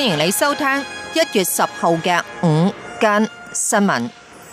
歡迎你收聽一月十號嘅午間新聞。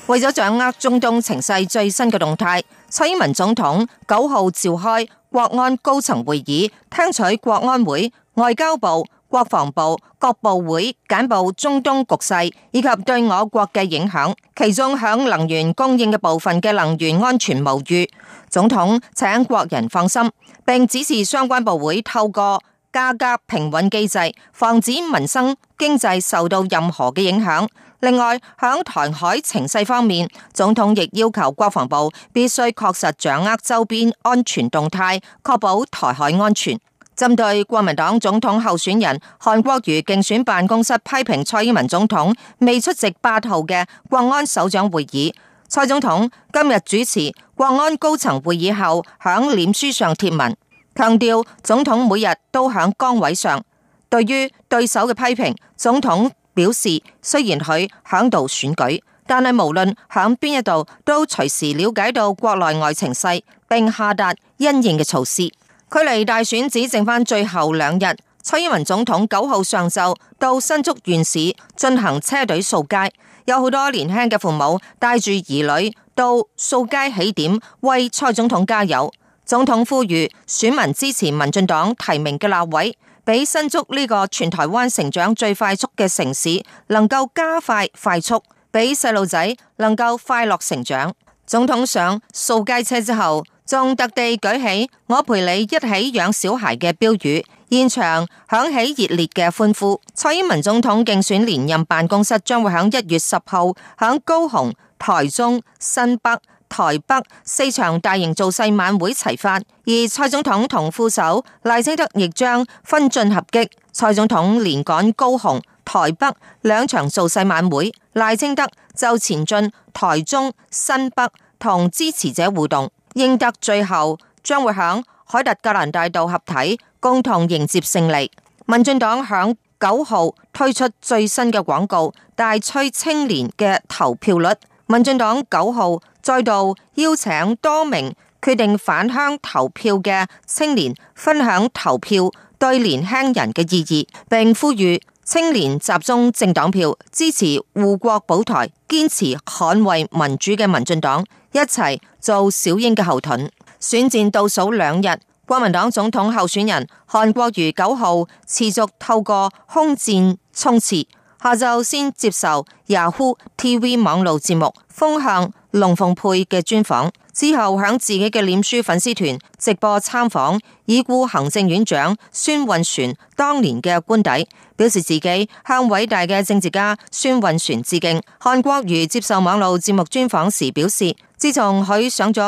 為咗掌握中東情勢最新嘅動態，蔡英文總統九號召開國安高層會議，聽取國安會、外交部、國防部各部會簡報中東局勢以及對我國嘅影響。其中響能源供應嘅部分嘅能源安全無虞，總統請國人放心，並指示相關部會透過。價格平穩機制，防止民生經濟受到任何嘅影響。另外，響台海情勢方面，總統亦要求國防部必須確實掌握周邊安全動態，確保台海安全。針對國民黨總統候選人韓國瑜競選辦公室批評蔡英文總統未出席八號嘅國安首長會議，蔡總統今日主持國安高層會議後，響臉書上貼文。強調總統每日都喺崗位上，對於對手嘅批評，總統表示雖然佢響度選舉，但係無論響邊一度都隨時了解到國內外情勢，並下達因應嘅措施。距離大選只剩翻最後兩日，蔡英文總統九號上晝到新竹縣市進行車隊掃街，有好多年輕嘅父母帶住兒女到掃街起點為蔡總統加油。總統呼籲選民支持民進黨提名嘅立委，俾新竹呢個全台灣成長最快速嘅城市，能夠加快快速，俾細路仔能夠快樂成長。總統上掃街車之後，仲特地舉起我陪你一起養小孩嘅標語，現場響起熱烈嘅歡呼。蔡英文總統競選連任辦公室將會喺一月十號喺高雄、台中、新北，台北四場大型造勢晚會齊發，而蔡總統同副手賴清德亦將分進合擊。蔡總統連趕高雄、台北兩場造勢晚會，賴清德就前進台中新北同支持者互動。英德最後將會響凱達格蘭大道合體，共同迎接勝利。民進黨響九號推出最新嘅廣告，大催青年嘅投票率。民進黨九號。再度邀請多名決定返鄉投票嘅青年分享投票對年輕人嘅意義，並呼籲青年集中政黨票支持護國保台、堅持捍衛民主嘅民進黨，一齊做小英嘅後盾。選戰倒數兩日，國民黨總統候選人韓國瑜九號持續透過空戰衝刺。下晝先接受 Yahoo TV 網路節目《風向龍鳳配》嘅專訪，之後響自己嘅臉書粉絲團直播參訪已故行政院長孫運璇當年嘅官邸，表示自己向偉大嘅政治家孫運璇致敬。韓國瑜接受網路節目專訪時表示，自從佢上咗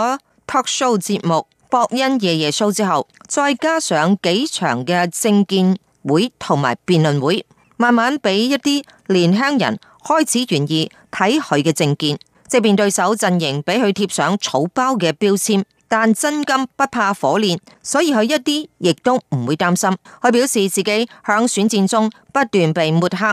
talk show 節目《博恩夜夜 show》之後，再加上幾場嘅政見會同埋辯論會。慢慢俾一啲年輕人開始願意睇佢嘅政見，即便對手陣營俾佢貼上草包嘅標籤，但真金不怕火煉，所以佢一啲亦都唔會擔心。佢表示自己響選戰中不斷被抹黑，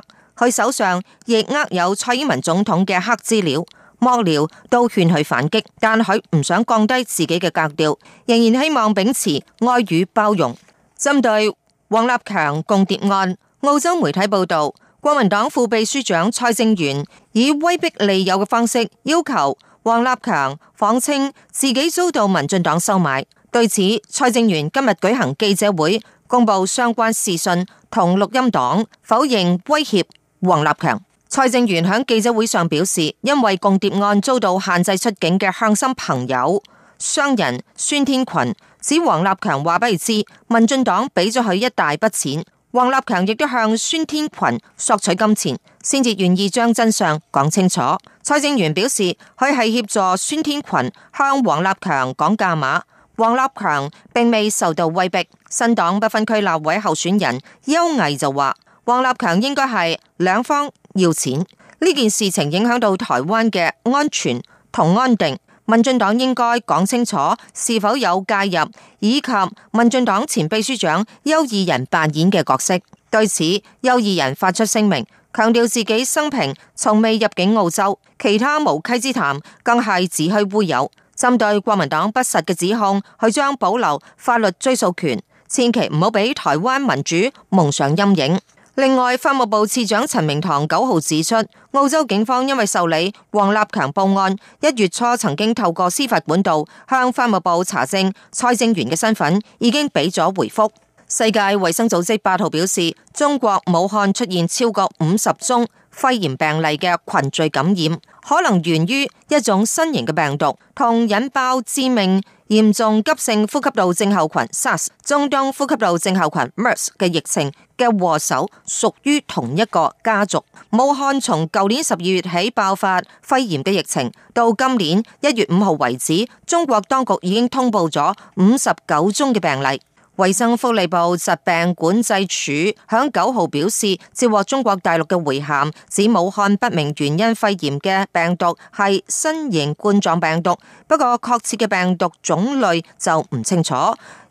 佢手上亦握有蔡英文總統嘅黑資料，幕僚都勸佢反擊，但佢唔想降低自己嘅格調，仍然希望秉持愛與包容。針對王立強共諜案。澳洲媒體報道，國民黨副秘書長蔡正元以威逼利誘嘅方式要求王立強謊稱自己遭到民進黨收買。對此，蔡正元今日舉行記者會，公布相關視訊同錄音檔，否認威脅王立強。蔡正元喺記者會上表示，因為共諜案遭到限制出境嘅向心朋友，商人孫天群指王立強話俾佢知，民進黨畀咗佢一大筆錢。王立強亦都向孫天群索取金錢，先至願意將真相講清楚。蔡正元表示，佢係協助孫天群向王立強講價碼，王立強並未受到威逼。新黨不分區立委候選人邱毅就話，王立強應該係兩方要錢。呢件事情影響到台灣嘅安全同安定。民進黨應該講清楚是否有介入，以及民進黨前秘書長邱義仁扮演嘅角色。對此，邱義仁發出聲明，強調自己生平從未入境澳洲，其他無稽之談更係子虛烏有。針對國民黨不實嘅指控，佢將保留法律追訴權，千祈唔好俾台灣民主蒙上陰影。另外，法務部次長陳明堂九號指出，澳洲警方因為受理黃立強報案，一月初曾經透過司法管道向法務部查證蔡正元嘅身份，已經俾咗回覆。世界衛生組織八號表示，中國武漢出現超過五十宗肺炎病例嘅群聚感染，可能源於一種新型嘅病毒，同引爆致命。嚴重急性呼吸道症候群 （SARS）、中東呼吸道症候群 （MERS） 嘅疫情嘅禍首，屬於同一個家族。武漢從舊年十二月起爆發肺炎嘅疫情，到今年一月五號為止，中國當局已經通報咗五十九宗嘅病例。衛生福利部疾病管制署響九號表示，接獲中國大陸嘅回函，指武漢不明原因肺炎嘅病毒係新型冠狀病毒，不過確切嘅病毒種類就唔清楚，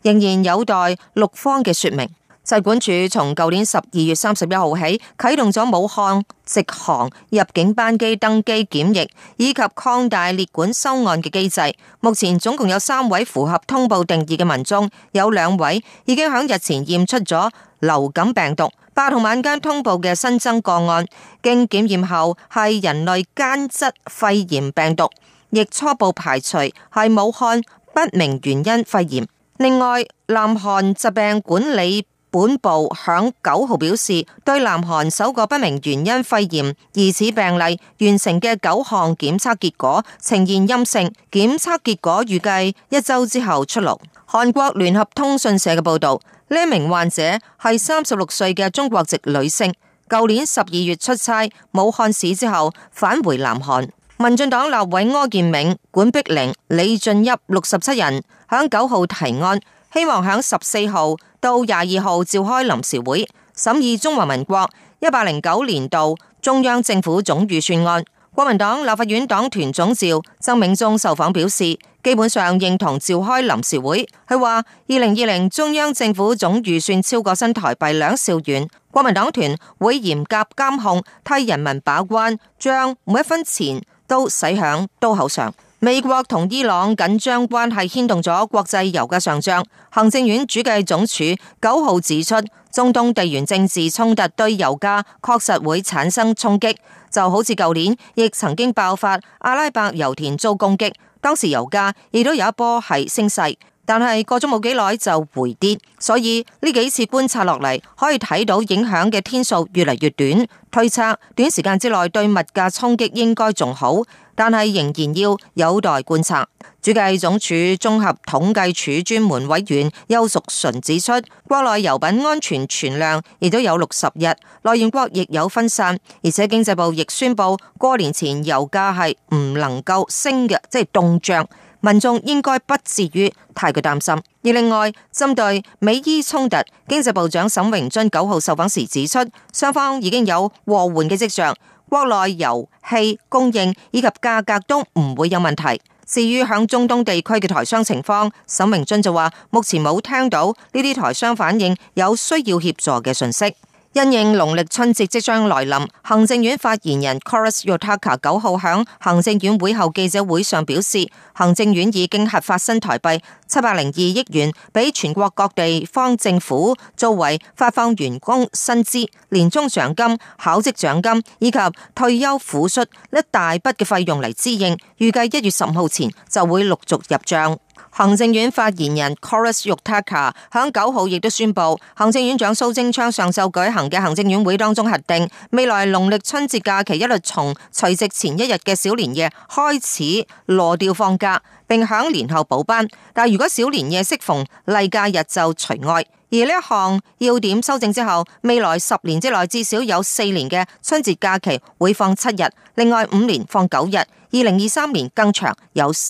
仍然有待陸方嘅說明。疾管處從舊年十二月三十一號起啟動咗武漢直航入境班機登機檢疫，以及擴大列管收案嘅機制。目前總共有三位符合通報定義嘅民眾，有兩位已經響日前驗出咗流感病毒。八號晚間通報嘅新增個案，經檢驗後係人類間質肺炎病毒，亦初步排除係武漢不明原因肺炎。另外，南韓疾病管理。本部響九號表示，對南韓首個不明原因肺炎疑似病例完成嘅九項檢測結果呈現陰性，檢測結果預計一周之後出爐。韓國聯合通訊社嘅報道，呢名患者係三十六歲嘅中國籍女性，舊年十二月出差武漢市之後返回南韓。民進黨立委柯建銘、管碧玲、李俊俋六十七人響九號提案。希望喺十四號到廿二號召開臨時會審議中華民國一百零九年度中央政府總預算案。國民黨立法院黨團總召曾銘宗受訪表示，基本上認同召開臨時會。佢話二零二零中央政府總預算超過新台幣兩兆元，國民黨團會嚴格監控，替人民把關，將每一分錢都使響刀口上。美國同伊朗緊張關係牽動咗國際油價上漲。行政院主計總署九號，指出，中東地緣政治衝突對油價確實會產生衝擊，就好似舊年亦曾經爆發阿拉伯油田遭攻擊，當時油價亦都有一波係升勢，但係過咗冇幾耐就回跌，所以呢幾次觀察落嚟，可以睇到影響嘅天數越嚟越短。推測短時間之內對物價衝擊應該仲好，但係仍然要有待觀察。主計總處綜合統計處專門委員邱淑純指出，國內油品安全存量亦都有六十日，內應國，亦有分散，而且經濟部亦宣佈過年前油價係唔能夠升嘅，即係凍漲。民眾應該不至於太過擔心。而另外，針對美伊衝突，經濟部長沈榮津九號受訪時指出，雙方已經有和緩嘅迹象，國內油氣供應以及價格都唔會有問題。至於響中東地區嘅台商情況，沈榮津就話，目前冇聽到呢啲台商反映有需要協助嘅信息。因應農曆春節即將來臨，行政院發言人 Corus Yotaka 九號響行政院會後記者會上表示，行政院已經核發新台幣七百零二億元，俾全國各地方政府作為發放員工薪資、年終獎金、考績獎金以及退休撫恤一大筆嘅費用嚟支應，預計一月十號前就會陸續入賬。行政院發言人 Coris Yutaka 響九號亦都宣佈，行政院長蘇貞昌上晝舉行嘅行政院會當中核定，未來農曆春節假期一律從除夕前一日嘅小年夜開始挪調放假，並響年後補班。但如果小年夜適逢例假日就除外。而呢一項要點修正之後，未來十年之內至少有四年嘅春節假期會放七日，另外五年放九日，二零二三年更長有。